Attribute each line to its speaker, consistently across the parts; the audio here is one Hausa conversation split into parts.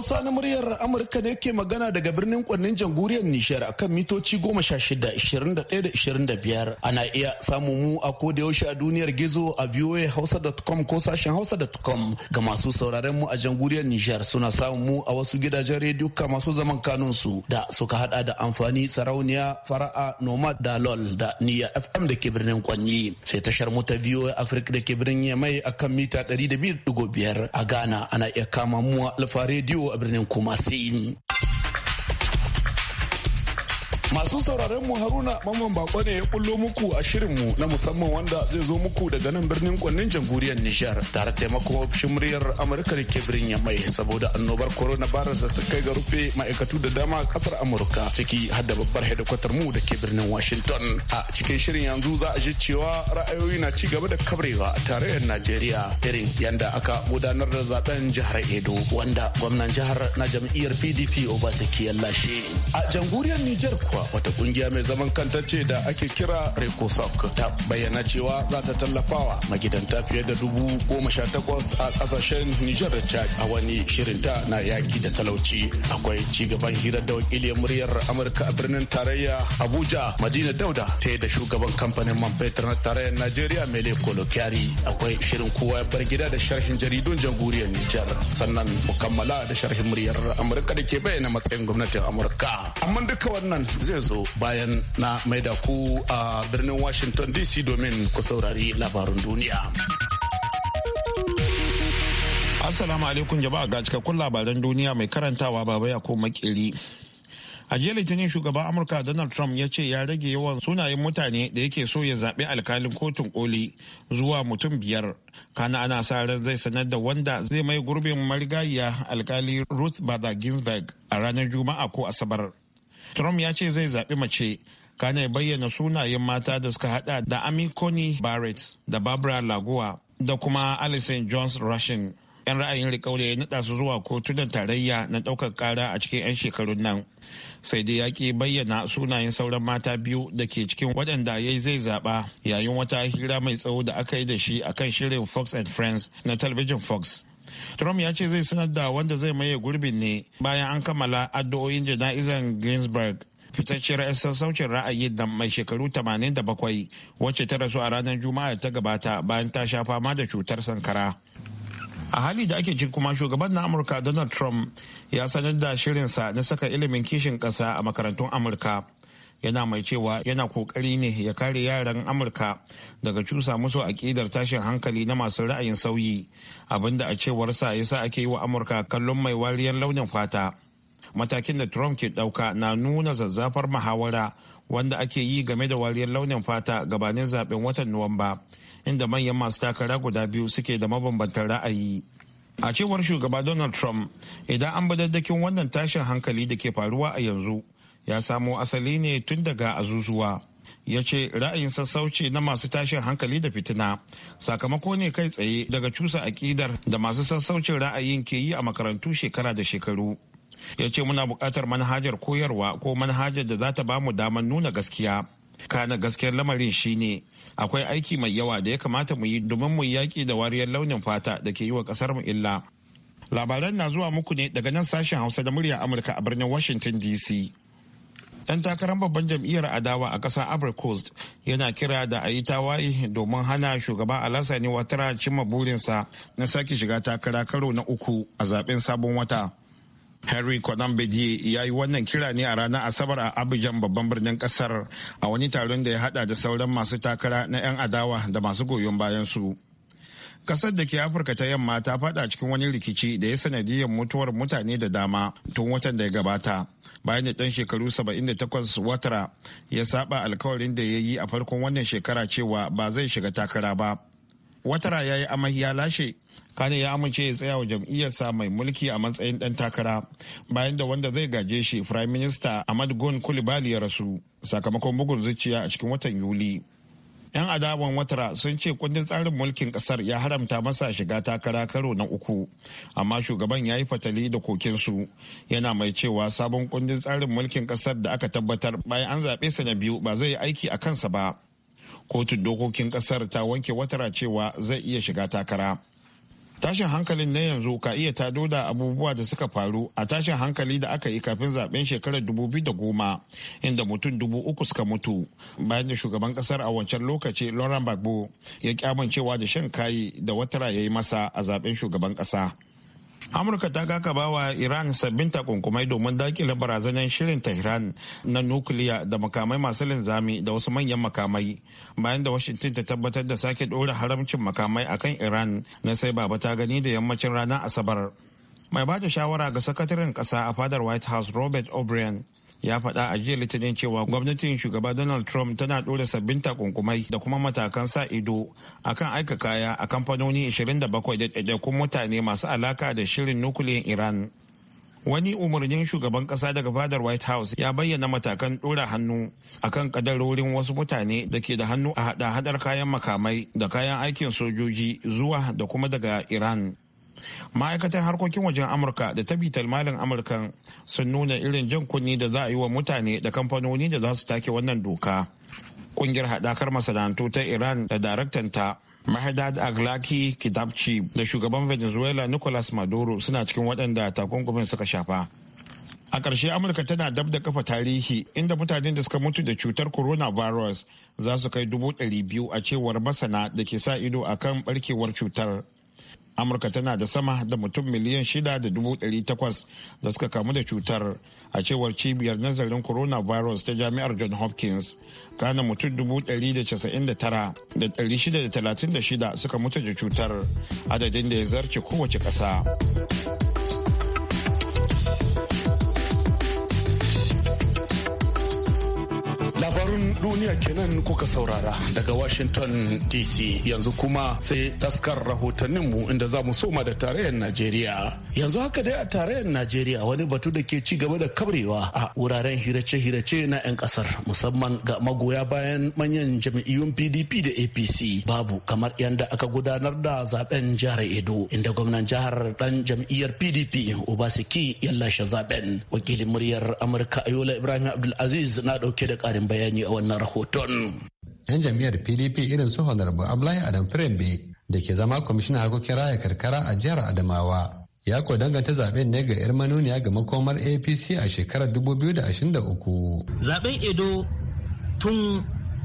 Speaker 1: Hausa na muryar Amurka ne ke magana daga birnin kwannin jamhuriyar Nijar akan mitoci 16-21-25. Ana iya samu mu a koda yaushe a duniyar gizo a hausa.com ko sashen hausa.com ga masu sauraren mu a jamhuriyar Nijar suna samun mu a wasu gidajen rediyo masu zaman kanun su da suka hada da amfani sarauniya fara'a nomad da lol da niyya FM da ke birnin kwanni sai tashar mu ta VOA Africa da ke birnin Yamai akan mita 200.5 a Ghana ana iya kama mu alfa rediyo Habu a birnin assim. Masu sauraron mu Haruna Mamman Bako ne ya kullo muku a shirin mu na musamman wanda zai zo muku daga nan birnin Kwannin Jamhuriyar Nijar tare da taimakon ofishin muryar Amurka da ke birnin Yamai saboda annobar coronavirus da ta kai ga rufe ma'aikatu da dama a kasar Amurka ciki har da babbar hedikwatar mu da ke birnin Washington. A cikin shirin yanzu za a ji cewa ra'ayoyi na ci gaba da kabrewa a tarayyar Najeriya irin yanda aka gudanar da zaben jihar Edo wanda gwamnan jihar na jam'iyyar PDP Obaseki ya lashe. A jamhuriyar Nijar kuwa wata kungiya mai zaman kanta ce da ake kira Rekosok ta bayyana cewa za ta tallafawa magidanta fiye da dubu goma sha takwas a kasashen Nijar da Chad a wani shirinta na yaki da talauci akwai ci gaban hirar da wakiliyar muryar Amurka a birnin tarayya Abuja Madina Dauda ta da shugaban kamfanin man fetur na tarayyar Najeriya Mele Kolo Kyari akwai shirin kowa ya bar gida da sharhin jaridun jamhuriyar Nijar sannan mu kammala da sharhin muryar Amurka da ke bayyana matsayin gwamnatin Amurka amma duka wannan zai bayan na mai da ku a birnin Washington DC domin
Speaker 2: ku saurari labarin duniya. Assalamu alaikum jama'a ga cikakkun labaran duniya mai karantawa baba ya ko makili. A jiya litinin shugaban Amurka Donald Trump ya ce ya rage yawan sunayen mutane da yake so ya zaɓi alkalin kotun koli zuwa mutum biyar. Kana ana sa ran zai sanar da wanda zai mai gurbin marigayiya alkali Ruth Bader Ginsburg a ranar Juma'a ko Asabar. Trump ya ce zai zaɓi mace kana bayyana sunayen mata da suka hada da Amy Coney Barrett da Barbara Lagoa da kuma Alison Jones Rushing. 'Yan ra'ayin rikaule ya nada su zuwa kotunan tarayya na ɗaukar ƙara a cikin 'yan shekarun nan. Sai dai ya ki bayyana sunayen sauran mata biyu da ke cikin waɗanda ya zai zaɓa yayin wata hira mai tsawo da aka yi da shi akan shirin Fox and Friends na talabijin Fox. Trump ya ce zai sanar da wanda zai maye gurbin ne bayan an kammala addu'o'in jana'izan Ginsburg. fitacciyar 'yan sassaucin ra'ayi da mai shekaru 87 wacce ta rasu a ranar juma'a ta gabata bayan ta sha fama da cutar sankara. a hali da ake ciki kuma shugaban na amurka donald trump ya sanar da shirinsa na saka ilimin kishin ƙasa a makarantun amurka yana mai cewa yana kokari ne ya kare yaran amurka daga cusa musu aƙidar tashin hankali na masu ra'ayin sauyi abinda a cewarsa ya sa ake yi wa amurka kallon mai wariyar launin fata matakin da trump ke ɗauka na nuna zazzafar muhawara wanda ake yi game da wariyar launin fata gabanin zaben watan nuwamba inda manyan masu takara guda biyu suke da mabambantan ra'ayi a cewar shugaba donald trump idan an bi daddakin wannan tashin hankali da ke faruwa a yanzu ya samo asali ne tun daga azuzuwa ya ce ra'ayin sassauci na masu tashin hankali da fitina sakamako ne kai tsaye daga cusa akidar da masu sassaucin ra'ayin ke yi a makarantu shekara da shekaru ya ce muna buƙatar manhajar koyarwa ko manhajar da za ta ba mu damar nuna gaskiya kana gaskiyar lamarin ne. akwai aiki mai yawa da ya kamata mu yi domin mu yaƙi da wariyar launin fata da ke yi wa ƙasar mu illa labaran na zuwa muku ne daga nan sashen hausa da murya amurka a birnin washington dc Ɗan takarar babban jam'iyyar adawa a ƙasar Ivory Coast yana kira da a yi tawaye domin hana shugaba Alassane Ouattara cimma burinsa na sake shiga takara karo na uku a zaben sabon wata. Henry Conan ya yi wannan kira ne a ranar Asabar a Abidjan babban birnin kasar a wani taron da ya hada da sauran masu takara na 'yan adawa da masu goyon bayan su. kasar da ke afirka ta yamma ta fada cikin wani rikici da ya sanadiyar mutuwar mutane da dama tun watan da ya gabata bayan da dan shekaru 78 watara ya saba alkawarin da ya yi a farkon wannan shekara cewa ba zai shiga takara ba watara ya yi amai ya lashe kane ya amince ya tsaya wa jam'iyyarsa mai mulki a matsayin dan takara bayan da wanda zai gaje shi prime minister ahmad gon kulibali ya rasu sakamakon bugun zuciya a cikin watan yuli 'Yan adawan watara sun ce kundin tsarin mulkin kasar ya haramta masa shiga takara karo na uku, amma shugaban ya yi fatali da kokinsu yana mai cewa sabon kundin tsarin mulkin kasar da aka tabbatar bayan an zaɓe sa na biyu ba zai yi aiki a kansa ba. Kotun dokokin kasar ta wanke watara cewa zai iya shiga takara. tashin hankalin na yanzu ka iya tado da abubuwa da suka faru a tashin hankali da aka yi kafin zaben shekarar biyu da goma inda mutum dubu uku suka mutu bayan da shugaban kasar a wancan lokaci lauren gbagbo ya kyamancewa da shan kayi da watara ya yi masa a zaben shugaban kasa amurka ta kakaba wa iran sabbin takunkumai domin dakile barazanar shirin tehran na nukiliya da makamai masu linzami da wasu manyan makamai bayan da washington ta tabbatar da sake ɗora haramcin makamai akan iran na sai baba ta gani da yammacin ranar asabar mai bata shawara ga sakataren kasa a fadar white house robert o'brien ya faɗa a jiya litinin cewa gwamnatin shugaba donald trump tana ɗora sabbin takunkumai da kuma matakan sa ido akan aika kaya a kamfanoni 27 da ɗaiɗaikun mutane masu alaka da shirin nukliyan iran wani umarnin shugaban ƙasa daga fadar white house ya bayyana matakan ɗora hannu akan kadarorin wasu mutane da ke da hannu a hada-hadar kayan makamai da kayan aikin sojoji zuwa da kuma daga iran ma'aikatan harkokin wajen amurka da ta bitar malin amurkan sun nuna irin jan kunni da za a yi wa mutane da kamfanoni da za su take wannan doka kungiyar haɗakar masana'antu ta iran da daraktan ta mahadad aglaki kidabci da shugaban venezuela nicolas maduro suna cikin waɗanda takunkumin suka shafa a ƙarshe amurka tana dab da kafa tarihi inda mutanen da suka mutu da cutar coronavirus za su kai dubu ɗari biyu a cewar masana da ke sa ido akan kan ɓarkewar cutar amurka tana da sama da mutum miliyan shida da dubu ɗari takwas da suka kamu da cutar a cewar cibiyar nazarin coronavirus ta jami'ar john hopkins kana mutum dubu ɗari da casa'in da tara da ɗari shida da talatin da shida suka mutu da cutar adadin da ya zarce kowace ƙasa
Speaker 1: labarun duniya kenan kuka saurara daga Washington DC yanzu kuma sai taskar rahotanninmu inda za mu soma da tarayyar Najeriya. Yanzu haka dai a tarayyar Najeriya wani batu da ke ci gaba da kabrewa a wuraren hirace-hirace na 'yan kasar musamman ga magoya bayan manyan jam'iyyun PDP da APC babu kamar yadda aka gudanar da zaben jihar Edo inda gwamnan jihar dan jam'iyyar PDP Obaseki yallashe lashe zaben wakilin muryar Amurka Ayola Ibrahim Abdulaziz na dauke da karin bayani a wannan
Speaker 3: rahoton. 'Yan jam'iyyar PDP irin su Honorable Ablaye Adam Frembe da ke zama kwamishinan harkokin raya karkara a jihar Adamawa ya ko danganta zaben ne ga 'yar manuniya ga makomar APC a shekarar 2023.
Speaker 4: Zaben Edo tun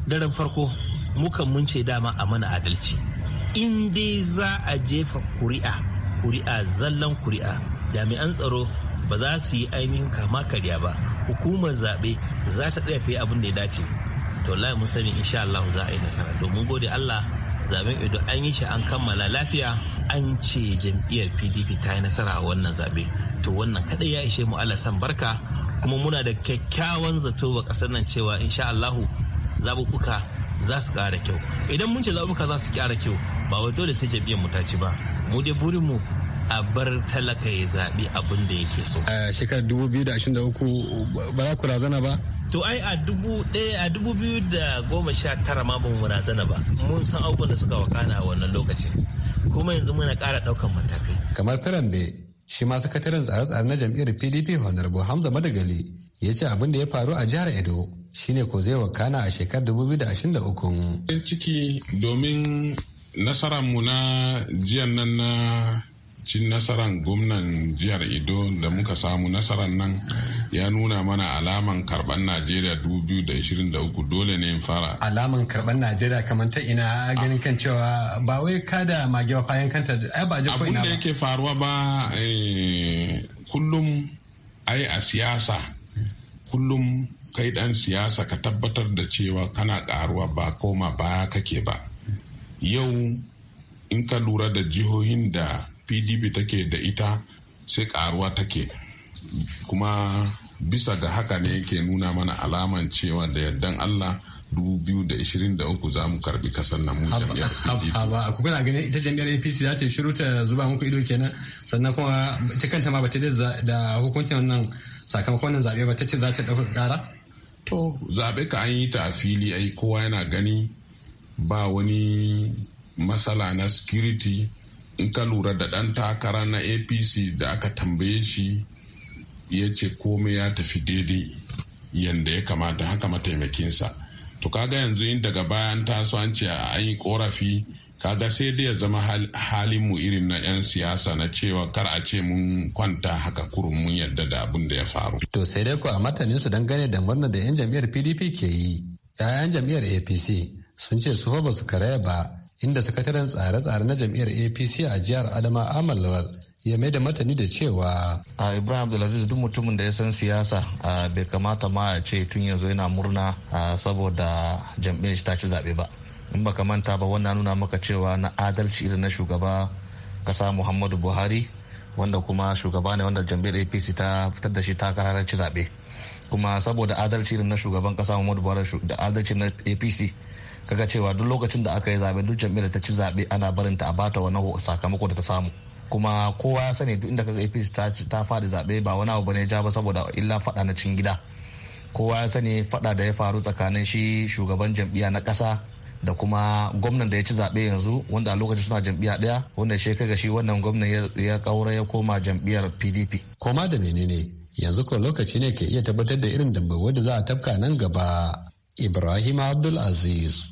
Speaker 4: daren farko mukan mun ce dama a mana adalci. In dai za a jefa kuri'a, kuri'a zallan kuri'a, jami'an tsaro ba za su yi ainihin kama karya ba. hukumar zaɓe za ta tsaya ta yi abin da ya dace to lai mun sani insha Allah za a yi nasara domin gode Allah zaben ido an yi shi an kammala lafiya an ce jam'iyyar PDP ta yi nasara a wannan zaɓe to wannan kadai ya ishe mu Allah san barka kuma muna da kyakkyawan zato wa ƙasar nan cewa insha Allahu zaɓuɓɓuka za su ƙara kyau idan mun ce zaɓuɓɓuka za su ƙara kyau ba wai dole sai jam'iyyar mu ta ci ba mu dai mu. a bar talaka ya zaɓi abin da yake so. A shekarar
Speaker 3: 2023 ba za ku razana
Speaker 4: ba? To ai a dubu ɗaya a dubu biyu da goma sha tara ma ba mu razana ba. Mun san abubuwan da suka wakana a wannan lokacin. Kuma yanzu muna ƙara ɗaukan matakai. Kamar Firambe,
Speaker 3: shi ma sakataren tsare-tsare na jam'iyyar PDP Honorable Hamza Madagali ya ce abin da ya faru a jihar Edo shine ko zai wakana a shekarar 2023. Ciki
Speaker 5: domin nasararmu na jiyan nan na cin nasarar gwamnan jihar ido da muka samu nasarar nan ya nuna mana alaman karban najeriya 2023 dole ne fara
Speaker 3: alaman karban najeriya kamar ta ina ganin kan cewa ba wai kada magewa bayan kanta ba ji ko ina ba
Speaker 5: yake faruwa ba eh, kullum ai a siyasa kullum kai dan siyasa ka tabbatar da cewa kana karuwa ba koma baya kake ba yau in ka lura da jihohin da pdp take da ita sai karuwa take kuma bisa ga haka ne yake nuna mana alaman cewa da yardan allah 2023 za mu karbi kasar nan mu jam'iyyar
Speaker 3: PDP. ku kuna ganin ita jam'iyyar APC za ta shiru ta zuba muku ido kenan sannan kuma ta kanta ma bata da hukuncin wannan sakamakon wannan zabe ba ta ce za ta dauka kara?
Speaker 5: To zabe ka an yi ta a fili ai kowa yana gani ba wani matsala na security in ka lura da ɗan takara na apc da aka tambaye shi ya ce komai ya tafi daidai yadda ya kamata haka mataimakinsa to kaga yanzu in daga bayan taso an ce an yi korafi kaga sai dai ya zama halin mu irin na 'yan siyasa na cewa kar a ce mun kwanta haka kurun mun yadda da abin da ya faru. To sai
Speaker 3: dai ko a matanin su dangane da murnar da 'yan jam'iyyar PDP ke yi, 'ya'yan jam'iyyar APC sun ce su fa ba su karaya ba inda sakataren tsare-tsare na jam'iyyar apc a jihar adama amal lawal ya mai da martani da cewa a ibrahim abdulaziz duk mutumin da ya san siyasa bai kamata ma a ce tun yanzu yana murna saboda jam'iyyar ta ci zaɓe ba in baka manta ba wannan nuna maka cewa na adalci irin na shugaba kasa muhammadu buhari wanda kuma shugaba ne wanda jam'iyyar apc ta fitar da shi takarar ci zaɓe kuma saboda adalci irin na shugaban kasa muhammadu buhari da adalci na apc kaga cewa duk lokacin da aka yi zaɓe duk jam'iyyar ta ci zaɓe ana barin ta a bata wani sakamako da ta samu kuma kowa ya sani duk inda kaga APC ta ta fadi zaɓe ba wani abu bane ja ba saboda illa faɗa na cin gida kowa ya sani faɗa da ya faru tsakanin shi shugaban jam'iyya na ƙasa da kuma gwamnan da ya ci zaɓe yanzu wanda a lokacin suna jam'iyya ɗaya wanda shi kaga shi wannan gwamnan ya ƙaura ya koma jam'iyyar PDP. Koma da menene yanzu ko lokaci ne ke iya tabbatar da irin dambe wanda za a tafka nan gaba. Ibrahim Abdul Aziz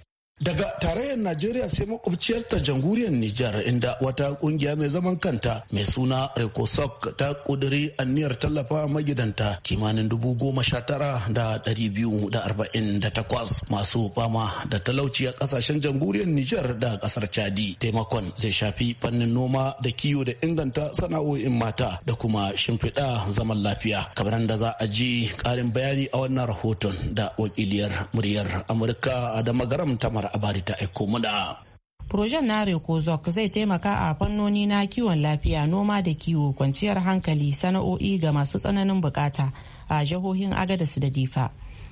Speaker 1: daga tarayyar najeriya sai makwabciyar ta jamhuriyar nijar inda wata kungiya mai zaman kanta mai suna rekosok ta kuduri aniyar tallafa magidanta kimanin dubu goma sha tara da ɗari biyu da arba'in da takwas masu fama da talauci a ƙasashen jamhuriyar nijar da ƙasar chadi taimakon zai shafi fannin noma da kiwo da inganta sana'o'in mata da kuma shimfiɗa zaman lafiya kamar da za a ji ƙarin bayani a wannan rahoton da wakiliyar muryar amurka da magaram mara. abari ta aiko muna. Projen na Rekozok zai taimaka a fannoni na kiwon lafiya noma da kiwo kwanciyar hankali sana'o'i ga masu tsananin bukata a jihohin Agadas da Difa.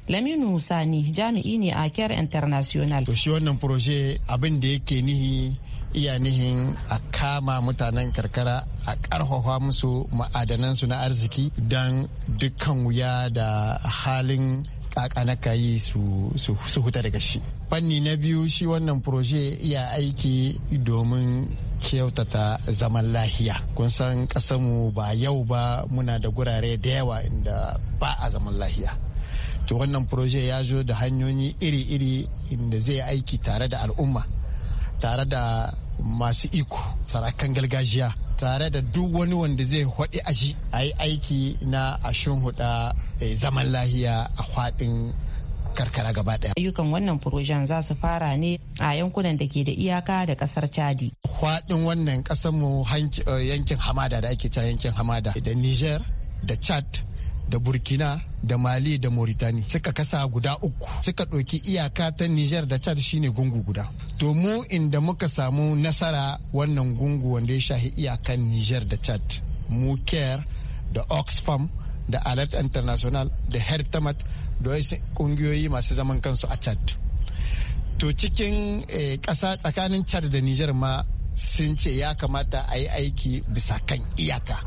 Speaker 1: Laminu Sani jami'i ne a Care International.
Speaker 6: To shi wannan proje abin da yake nihi iya nihin a kama mutanen karkara a karfafa musu ma'adanansu na arziki don dukkan wuya da halin kakana ka yi su su su huta daga shi fanni na biyu shi wannan proje ya aiki domin kyautata zaman lahiya kun san kasanmu ba yau ba muna da gurare da yawa inda ba a zaman lahiya to wannan proje ya zo da hanyoyi iri-iri inda zai aiki tare da al'umma tare da masu iko sarakan gargajiya tare da duk wani wanda zai haɗi a shi a yi aiki na a huda eh, zaman lahiya a faɗin karkara gaba daya. Ayyukan wannan furojen za su fara ne a yankunan da ke da iyaka da kasar Chadi. Faɗin wannan kasar mu eh, yankin hamada da ake cewa yankin hamada da Niger da Chad da Burkina da Mali da mauritani. suka kasa guda uku suka ɗauki iyaka ta Niger da Chad shine gungu guda. to mu inda muka samu nasara wannan gungu wanda ya shahi iyakan niger da chad mu care da oxfam da alert international da hertamat da wasu kungiyoyi masu zaman kansu a chad to cikin eh, ƙasa tsakanin chad da niger ma sun ce ya kamata a yi aiki bisa kan iyaka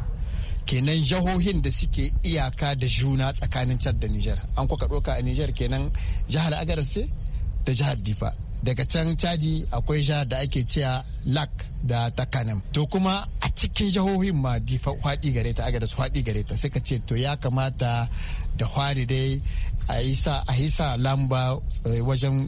Speaker 6: kenan jahohin da suke iyaka da juna tsakanin chad da niger an kuka ɗauka a niger kenan jihar agaras ce da jihar difa daga can caji akwai sha da ake cewa lak da takanam to kuma a cikin jihohin ma di faɗi gare ta aga da su faɗi gare ta suka ce to ya kamata da hwari dai a yi sa lamba eh, wajen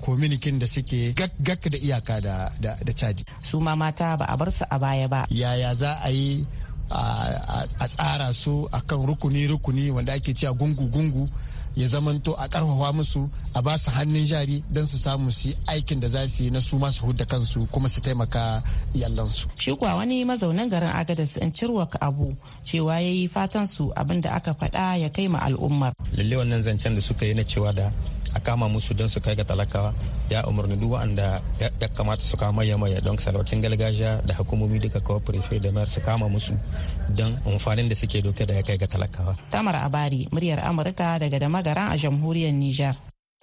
Speaker 6: kominikin eh, da suke gaggak da iyaka da caji su ma mata ba a bar su a baya ba yaya za a yi a tsara su a kan rukuni-rukuni wanda ake cewa gungu-gungu ya zamanto a karfafa musu a ba su hannun jari don su samu su aikin da za su yi na su masu hudda kansu kuma su taimaka iyalansu. Shi kuwa wani mazaunan garin Agadas in cirwa abu cewa ya yi fatan su abin da aka faɗa ya kai ma al'ummar. Lalle wannan zancen da suka yi na cewa da a kama musu don su kai ga talakawa ya umarni duk wanda ya kamata su kama ya maya don sarwakin gargajiya da hukumomi duka kawo prefe da mayar su kama musu don amfanin da suke doke da ya kai ga talakawa.
Speaker 1: Tamar Abari, muryar Amurka daga da magaran a jamhuriyar Nijar.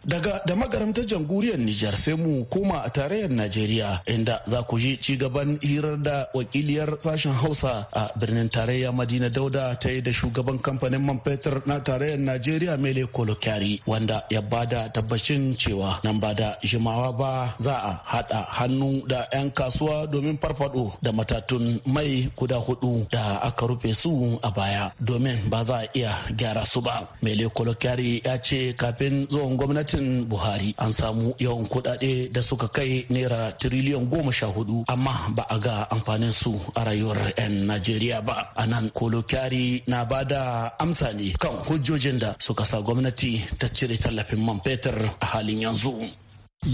Speaker 1: Daga da magaramta jamhuriyar Nijar sai mu koma a tarayyar Najeriya inda za ku ji ci gaban hirar da wakiliyar sashen Hausa a birnin tarayya Madina Dauda ta yi da shugaban kamfanin man fetur na tarayyar Najeriya Mele Kolokari wanda ya bada tabbacin cewa nan ba da jimawa ba za a hada hannu da 'yan kasuwa domin farfado da matatun mai guda hudu da aka rufe su a baya domin ba za a iya gyara su ba. Mele Kolokari ya ce kafin zuwan gwamnati gwamnatin buhari an samu yawan kudade da suka kai naira tiriliyan goma sha hudu amma ba a ga amfanin su a rayuwar 'yan najeriya ba a nan kolokyari na ba da amsa ne kan hujjojin da suka sa gwamnati ta cire tallafin man fetur a halin yanzu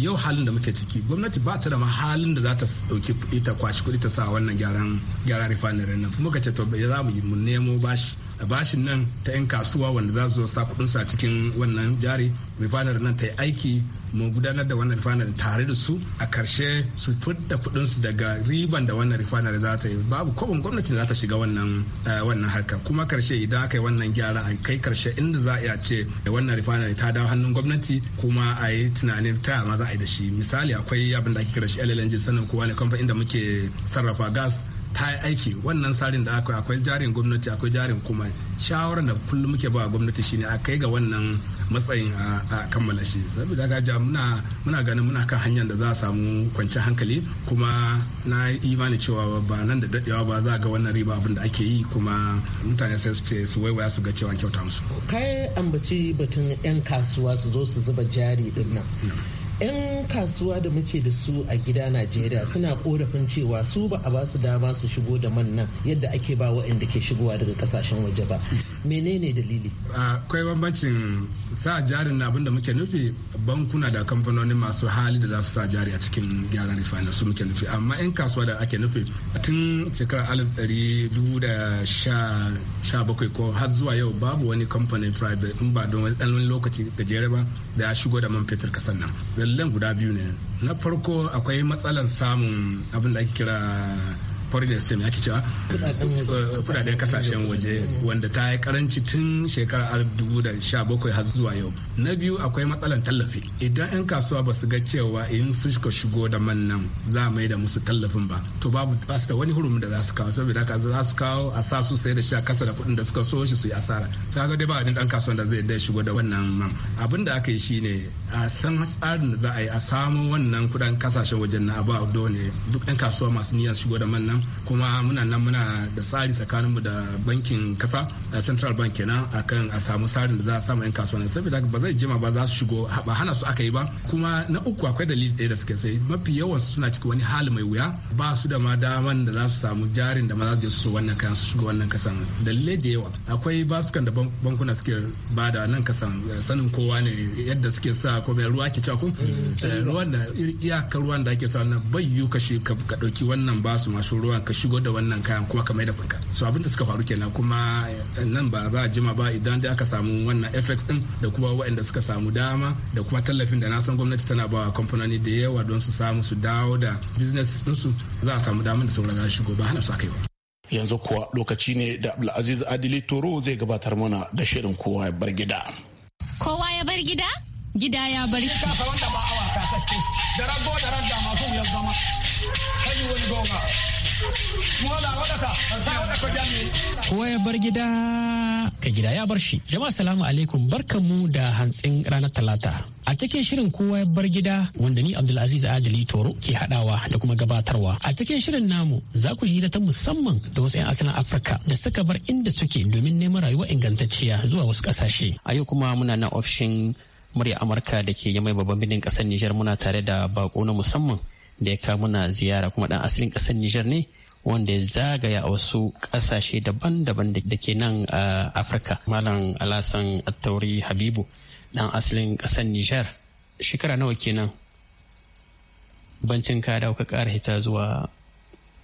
Speaker 7: yau halin da muke ciki gwamnati ba ta da halin da za ta dauki ita kwashi kuɗi ta sa wannan gyaran gyara refinery nan muka ce to za mu yi mu nemo bashi bashin nan ta 'yan kasuwa wanda za su zo sa kudinsu a cikin wannan jari Rifanar nan ta yi aiki mu gudanar da wannan rifanar. tare da su a karshe su fitar kudinsu daga riban da wannan rifanar. za ta yi babu kobin gwamnati za ta shiga wannan eh, wannan harka kuma karshe idan aka yi wannan gyara a kai karshe inda za a ce wannan rifanar ta dawo hannun gwamnati kuma a yi tunanin ta ma za a yi da shi misali akwai abin da ake kira shi LLNG sanin kowa ne kamfanin da muke sarrafa gas ta yi aiki wannan tsarin da akwai akwai jarin gwamnati akwai jarin kuma shawarar da kullum muke ba gwamnati shine a kai ga wannan matsayin a kammala shi saboda gaja muna muna ganin muna kan hanyar da za a samu kwanciyar hankali kuma na imani cewa ba nan da dadewa ba za a ga wannan riba abin da ake yi kuma mutane sai su ce su waiwaya su ga cewa kyauta musu
Speaker 1: kai ambaci batun yan kasuwa
Speaker 4: su zo su zuba jari din nan 'yan kasuwa da muke da su a gida najeriya
Speaker 8: suna korafin cewa su ba a basu dama su shigo da man nan yadda ake ba waɗanda ke shigowa daga kasashen waje ba menene dalili
Speaker 7: akwai bambancin sa jarin na abinda muke nufi bankuna da kamfanoni masu hali da za su sa jari a cikin gyaran refinery su muke nufi amma in kasuwa da ake nufi tun shekarar alif ɗari dubu da sha bakwai ko har zuwa yau babu wani kamfanin private in ba don wani lokaci gajere ba da ya shigo da man fetur kasan nan lallan guda biyu ne na farko akwai matsalan samun abin da ake kira foreign exchange ake cewa kudaden kasashen waje wanda ta yi karanci tun shekarar 2017 har zuwa yau na biyu akwai matsalan tallafi idan 'yan kasuwa ba su ga cewa in su shigo da man nan za mai da musu tallafin ba to babu ba su da wani hurumi da za su kawo saboda haka za su kawo a sa su sai da shi a kasa da kuɗin da suka so shi su yi asara ga dai ba wani dan kasuwa da zai dai shigo da wannan man abin da aka yi shine a san tsarin da za a yi a samo wannan kudan kasashen wajen na ba a ne duk 'yan kasuwa masu niyyar shigo da man nan kuma muna nan muna da tsari tsakaninmu da bankin kasa eh, central bank kenan akan a samu tsarin da za a samu 'yan kasuwanni saboda ba zai jima ba za su shigo ba hana su aka yi ba kuma na uku akwai dalili ɗaya da suke sai mafi yawan suna cikin wani hali mai wuya ba su da ma daman da za su samu jarin da ma za su je su wannan kayan su shigo wannan kasan dalilai da yawa akwai basukan da bankuna suke ba da nan kasan eh, sanin kowa ne yadda suke sa ko mai ruwa ke cewa ko mm. eh, ruwan da iyakar ruwan da ake sa na bai kashi ka ɗauki wannan basu masu ruwa cewa ka shigo da wannan kayan kuma ka mai da furka so abinda suka faru kenan kuma eh, nan ba za a jima ba idan da aka samu wannan fx din da kuma waɗanda suka samu dama da kuma tallafin da na san gwamnati tana ba kamfanoni da yawa don su samu su dawo da
Speaker 1: business ɗinsu za a samu damar da sauran shigo ba hana su aka yi ba yanzu kuwa lokaci ne da abdulaziz adili toro zai gabatar mana da shirin kowa ya bar gida
Speaker 5: kowa ya bar
Speaker 4: gida gida ya bar gida
Speaker 9: Kowa ya bar gida ka gida ya bar shi. Jama'a salamu alaikum barkamu da hantsin ranar talata. A cikin shirin kowa ya bar gida wanda ni Abdulaziz Adili Toro ke hadawa da kuma gabatarwa. A cikin shirin namu za ku ji ta musamman da wasu 'yan asalin Afirka da suka bar inda suke domin neman rayuwa ingantacciya zuwa wasu kasashe. A yau kuma muna nan ofishin murya Amurka da ke yamai babban birnin kasar Nijar muna tare da bako na musamman da ya kawo mana ziyara kuma dan asalin kasar Nijar ne wanda ya zagaya a wasu kasashe daban-daban da ke nan a Afirka. Malam Alasan Attauri Habibu dan asalin kasar Nijar shekara nawa kenan bancin ka dawo ka kara hita zuwa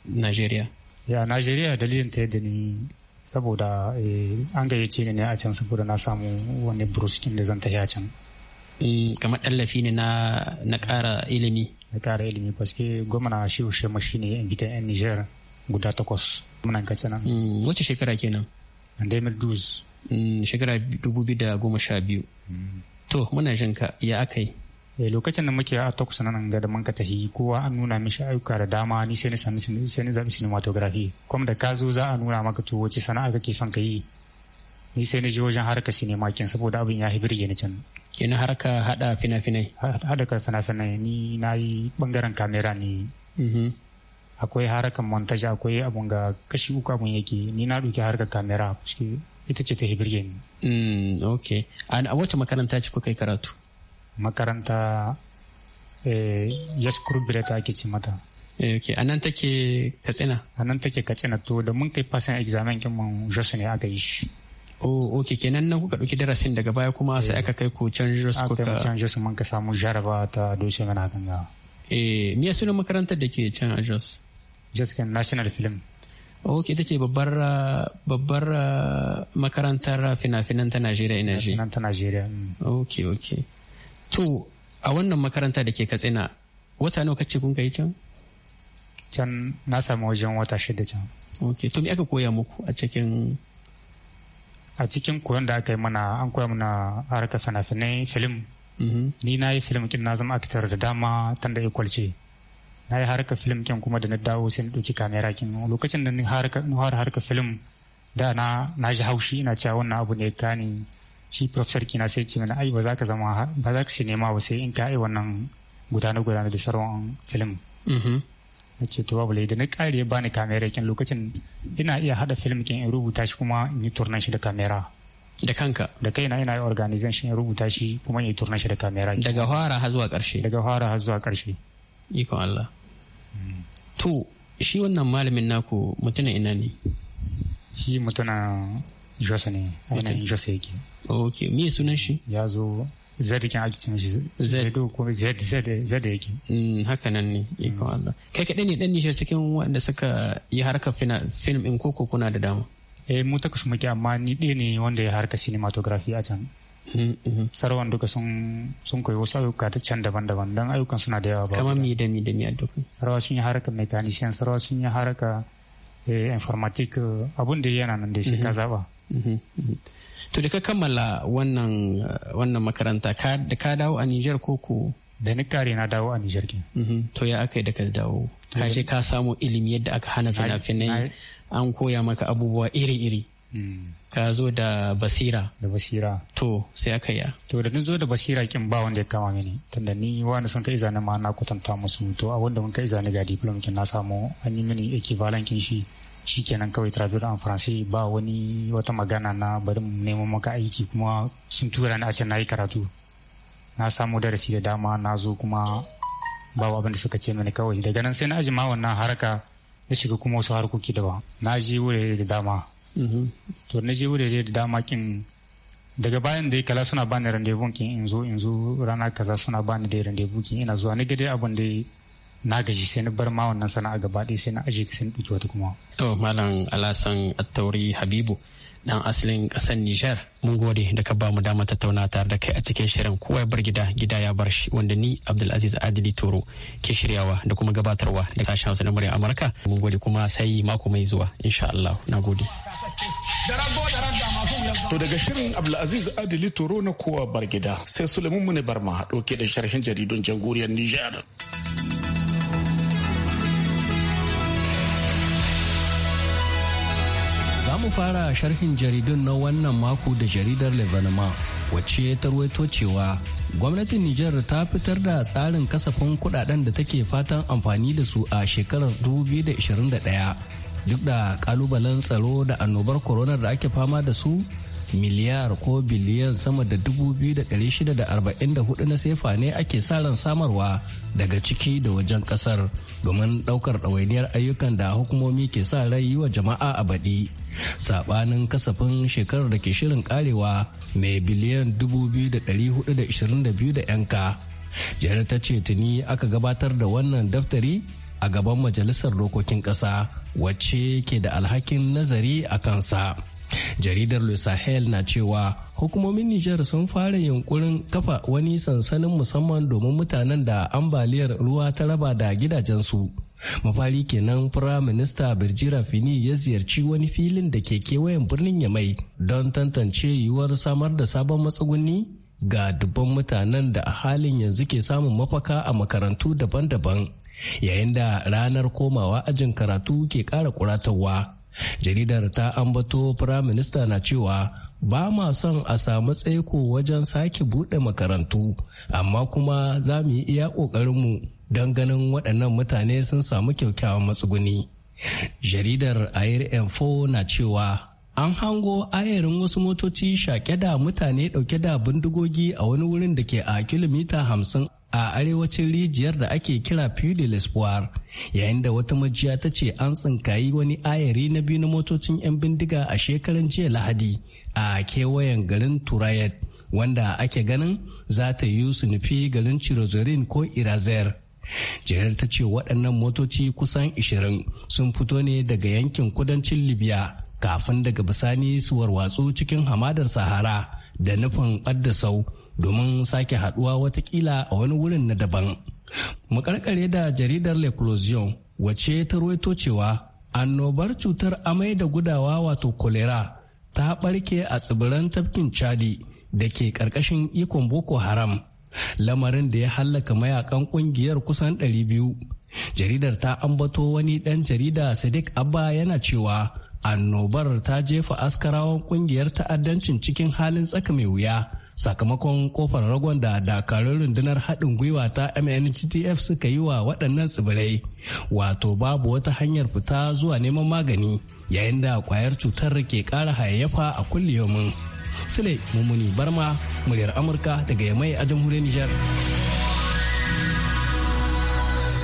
Speaker 9: Najeriya.
Speaker 10: Ya Najeriya dalilin ta yadda ni saboda eh, an gayyace ni ne a can saboda na samu wani burus da zan tafi a can. Mm, kamar ɗallafi ne na ƙara ilimi. na ƙara ilimi paske gwamna shi shema shine invitan yan niger guda takwas muna katsina mm, wace shekara kenan andamir duz mm, shekara dubu biyu da goma sha biyu mm. to muna jin ka ya aka yi eh, lokacin da muke a takwas nan ga da manka tafi kowa an nuna mishi ayyuka da dama ni sai ni sami sai ni cinematography kuma da ka zo za a nuna maka to wace sana'a kake son ka yi ni sai na je wajen harka sinema kin saboda abin ya hibirge ni can Kin harka hada fina-finai hada fina-finai ni na yi bangaren kamera ne mm-hmm. akwai harkar montage akwai abun ga kashi uku abun yake ni na duke harkar kamera ita ce ta hibirge ni mm, ok a wace makaranta ce kuka yi karatu makaranta yes kurbira ta ake ce mata eh, ok a nan take katsina a nan take katsina to da mun kai fasin examen kin mun
Speaker 9: josu ne aka yi shi oh ok kenan nan kuka ɗauki darasin daga baya kuma sai eh. aka kai ku can jos kuka aka can
Speaker 10: jos mun ka samu jaraba ta doshe mana kan ga
Speaker 9: eh me sunan makarantar da ke can a jos jos kan national film ok ita ce babbar babbar eh, makarantar fina-finan ta najeriya ina ji ta najeriya mm. ok ok to a wannan makaranta da ke katsina wata nawa kace kun kai can
Speaker 10: can na samu wajen wata shida can ok to me aka koya muku a cikin a cikin koyon da aka yi mana an koya mana harkar fina-finai film mhm. ni na yi film kin na zama aktar da dama tun da equal ce na yi harkar film kin kuma da na dawo sai na ɗauki kamera kin lokacin da ni har harkar film da na na ji haushi ina cewa wannan abu ne gani shi professor kina sai ce mana ai ba za ka zama ba za ka nema ba sai in ka yi wannan gudanar gudanar da sauran film mhm. na ce to babu da na kare ba ni kamera kin lokacin ina iya hada film kin in rubuta shi kuma in yi turnan shi da kamera da kanka da kaina ina yi organization shi in rubuta shi kuma in yi turnan shi da kamera daga fara har zuwa karshe daga fara har zuwa karshe ikon Allah
Speaker 9: hmm. to shi wannan malamin naku mutumin ina ne shi mutuna
Speaker 10: Jose ne ainihin Jose yake ok me sunan shi ya zo zadikin ake shi zado ko zada yake
Speaker 9: mm, haka nan ne iko mm. Allah kai
Speaker 10: kaɗai ne ɗan nishar cikin waɗanda suka yi harka film in koko kuna da dama eh mu ta kashi muke amma ni ɗaya ne wanda ya harka cinematography a can mm, sarwan duka sun sun koyi wasu ayyuka ta can daban-daban don ayyukan suna da yawa ba kamar mi da mi da mi a duka sarwa sun yi harkar mechanician sarwa sun yi harkar eh, informatique eh, abun da yana nan da shi ka mm-hmm.
Speaker 9: zaba mm-hmm. mm-hmm. to da ka kammala wannan wannan makaranta da ka dawo a Nijar ko ko da ni kare na dawo a Nijar ke mm-hmm. to ya aka yi da ka dawo ka je ka samu ilimi yadda aka hana fina-finai an koya maka abubuwa iri-iri
Speaker 10: mm. ka zo da basira da basira to sai aka ya to da ni zo da basira kin ba wanda ya kama mini tunda ni wani sun kai zane ma na kutanta musu to a wanda mun kai zane ga diploma kin na samu an yi mini equivalent kin shi shi kenan kawai traduit en français ba wani wata magana na bari mu nemo maka aiki kuma sun tura ni a can na yi karatu na samu darasi da dama na zo kuma babu abin da suka ce mani kawai daga nan sai na aji ma wannan haraka na shiga kuma wasu harkoki daban na je wurare da dama mm-hmm. to na je wurare da dama kin daga bayan da kala suna bani rendezvous kin in zo in zo rana kaza suna bani da rendezvous kin ina zuwa ni gade abin da na gaji sai na bar ma wannan sana'a gaba ɗaya sai na aje ta sai na wata kuma.
Speaker 9: To Malam Alasan Attauri Habibu dan asalin ƙasar Nijar mun gode da ka ba mu dama tattauna tare da kai a cikin shirin kowa bar gida gida ya bar shi wanda ni Abdulaziz Adili Toro ke shiryawa da kuma gabatarwa da sashen Hausa na murya Amurka mun gode kuma sai mako mai zuwa insha Allah na gode.
Speaker 1: To daga shirin Abdulaziz Adili Toro na kowa bar gida sai Sulaiman Mune Barma ɗauke da sharhin jaridun jamhuriyar Nijar.
Speaker 4: mu fara sharhin jaridun na wannan mako da jaridar Lebanama wacce ta ruwaito cewa gwamnatin Nijar ta fitar da tsarin kasafin kudaden da take fatan amfani da su a shekarar 2021 duk da kalubalen tsaro da annobar koronar da ake fama da su miliyar ko biliyan sama da 2,644 na sefa ne ake ran samarwa daga ciki da wajen kasar domin daukar ɗawainiyar ayyukan da hukumomi ke sa rai yi wa jama'a a baɗi saɓanin kasafin shekarar da ke shirin karewa mai biliyan 2,422 'yanka jihar ta ce tuni aka gabatar da wannan daftari a gaban majalisar dokokin ƙasa wacce ke da alhakin nazari a kansa. jaridar le sahel na cewa hukumomin nijar sun fara yunkurin kafa wani sansanin musamman domin mutanen da ambaliyar ruwa ta raba da gidajensu mafari kenan firaminista birjira fini ya ziyarci wani filin da ke kewayen birnin ya mai don tantance yiwuwar samar da sabon matsuguni ga dubban mutanen da a halin yanzu ke samun mafaka a makarantu daban-daban yayin da ranar komawa ajin karatu ke kara kuratarwa jaridar ta ambato firaminista na cewa ba ma son a samu tsaiko wajen sake buɗe makarantu amma kuma za mu yi iya ƙoƙarinmu don ganin waɗannan mutane sun samu kyaukyawan matsuguni jaridar air info na cewa an hango ayarin wasu motoci shaƙe da mutane ɗauke da bindigogi a wani wurin da ke a kilomita hamsin a arewacin rijiyar da ake kira Puy de l'Espoir yayin da wata majiya ta ce an tsinkayi wani ayari na biyu na motocin 'yan bindiga a shekaran jiya Lahadi a kewayen garin Turayet wanda ake ganin za ta yi su nufi garin Chirozorin ko Irazer. jihar ta ce waɗannan motoci kusan 20 sun fito ne daga yankin kudancin Libya kafin daga bisani su warwatsu cikin hamadar Sahara da nufin sau domin sake haduwa watakila a wani wurin na daban makarkare da jaridar leclosion wace ta ruwaito cewa annobar cutar amai da gudawa wato kolera ta barke a tsibiran tafkin chadi da ke karkashin ikon boko haram lamarin da ya hallaka mayakan kungiyar kusan 200 jaridar ta ambato wani dan jarida sadiq abba yana cewa annobar ta jefa askarawan kungiyar ta'addancin cikin halin tsaka mai wuya sakamakon kofar ragon da dakarun rundunar haɗin gwiwa ta mngtf suka yi wa waɗannan tsibirai wato babu wata hanyar fita zuwa neman magani yayin da kwayar cutar ke ƙara hayayyafa a kulliyomin sule mummuni barma muryar amurka daga yamai a jamhuriyar nijar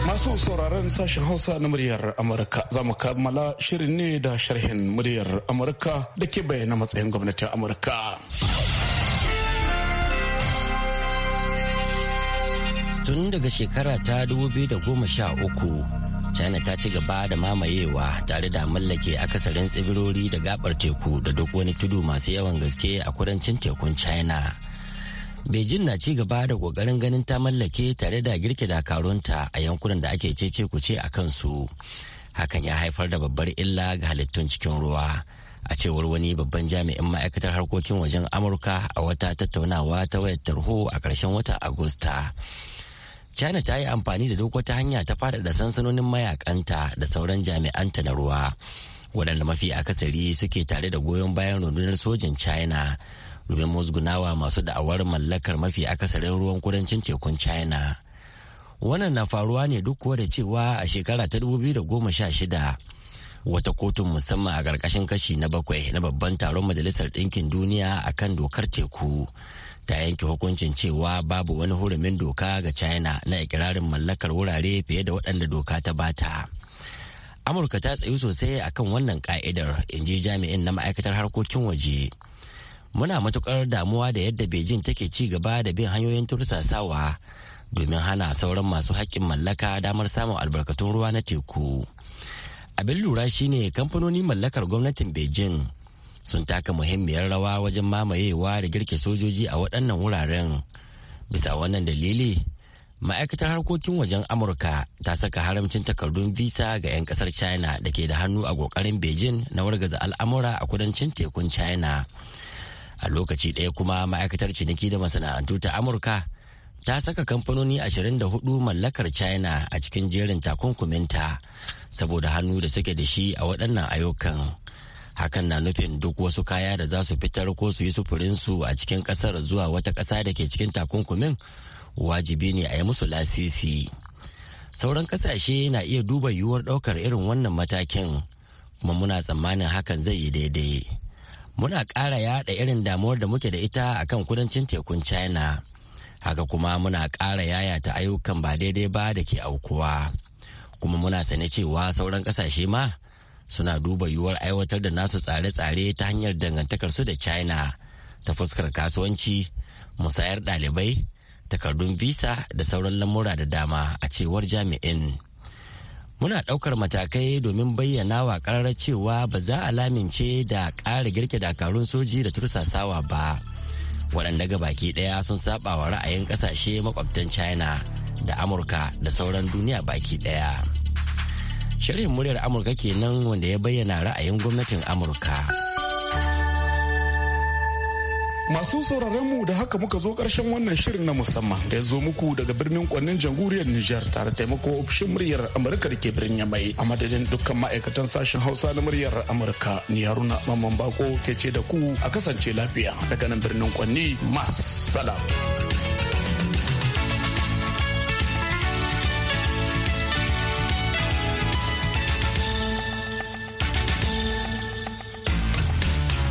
Speaker 4: masu sauraron sashen
Speaker 1: hausa na muryar amurka za mu kammala shirin ne da sharhin muryar amurka da
Speaker 8: ke bayyana matsayin gwamnatin amurka. tun daga shekara ta 2013 china ta ci gaba da mamayewa tare da mallake akasarin tsibirori da gabar teku da duk wani tudu masu yawan gaske a kudancin tekun china beijing na ci gaba da kokarin ganin ta mallake tare da girke dakarunta a yankunan da ake cece kuce a kansu hakan ya haifar da babbar illa ga halittun cikin ruwa a cewar wani babban jami'in ma'aikatar harkokin wajen amurka a wata tattaunawa ta wayar tarho a ƙarshen watan agusta china ta yi amfani da duk wata hanya ta faɗaɗa sansanonin mayakanta da sauran jami'anta na ruwa waɗanda mafi akasari suke tare da goyon bayan rundunar sojin china domin musgunawa masu da'awar mallakar mafi akasarin ruwan kudancin tekun china wannan na faruwa ne duk kuwa da cewa a shekara ta 2016 wata kotun musamman a ƙarƙashin kashi na bakwai na babban taron majalisar ɗinkin duniya a kan dokar teku ta yanke hukuncin cewa babu wani hurumin doka ga china na ikirarin mallakar wurare fiye da waɗanda doka ta bata amurka ta tsayu sosai akan wannan ka'idar in ji jami'in na ma'aikatar harkokin waje muna matukar damuwa da yadda beijing take ci gaba da bin hanyoyin tursasawa domin hana sauran masu haƙƙin mallaka damar samun albarkatun ruwa na teku abin lura shine kamfanoni mallakar gwamnatin beijing sun taka muhimmiyar rawa wajen mamayewa da girke sojoji a waɗannan wuraren bisa wannan dalili ma'aikatar harkokin wajen amurka ta saka haramcin takardun visa ga 'yan kasar china da ke da hannu a ƙoƙarin beijing na wargaza al'amura a kudancin tekun china a lokaci ɗaya kuma ma'aikatar ciniki da masana'antu ta amurka ta saka kamfanoni 24 mallakar china a cikin jerin takunkuminta saboda hannu da suke da shi a waɗannan ayyukan hakan na nufin duk wasu kaya da za su fitar ko su yi sufurinsu a cikin kasar zuwa wata ƙasa da ke cikin takunkumin wajibi ne a yi musu lasisi sauran ƙasashe na iya duba yiwuwar ɗaukar irin wannan matakin kuma muna tsammanin hakan zai yi daidai muna ƙara yaɗa irin damuwar da muke da ita akan kudancin tekun china haka kuma muna ƙara yayata ayyukan ba daidai ba da ke aukuwa kuma muna sane cewa sauran ƙasashe ma suna duba yiwuwar aiwatar da nasu tsare-tsare ta hanyar dangantakarsu da china ta fuskar kasuwanci musayar ɗalibai takardun visa da sauran lamura da dama a cewar jami'in muna ɗaukar matakai domin bayyana wa cewa ba za a lamince da ƙara girke dakarun soji da tursasawa ba waɗanda ga baki ɗaya sun saba wa ra'ayin ƙasashe makwabtan china da amurka da sauran duniya baki ɗaya. Shirin muryar Amurka ke nan wanda ya bayyana ra'ayin gwamnatin Amurka.
Speaker 1: Masu sauraron mu da
Speaker 8: haka muka zo karshen wannan shirin na
Speaker 1: musamman da ya zo muku daga birnin kwannin jamhuriyar Nijar tare taimako ofishin muryar Amurka da ke birnin Yamai a madadin dukkan ma'aikatan sashen Hausa na muryar Amurka ni Haruna Mamman Bako ke ce da ku a kasance lafiya daga nan birnin kwanni Mas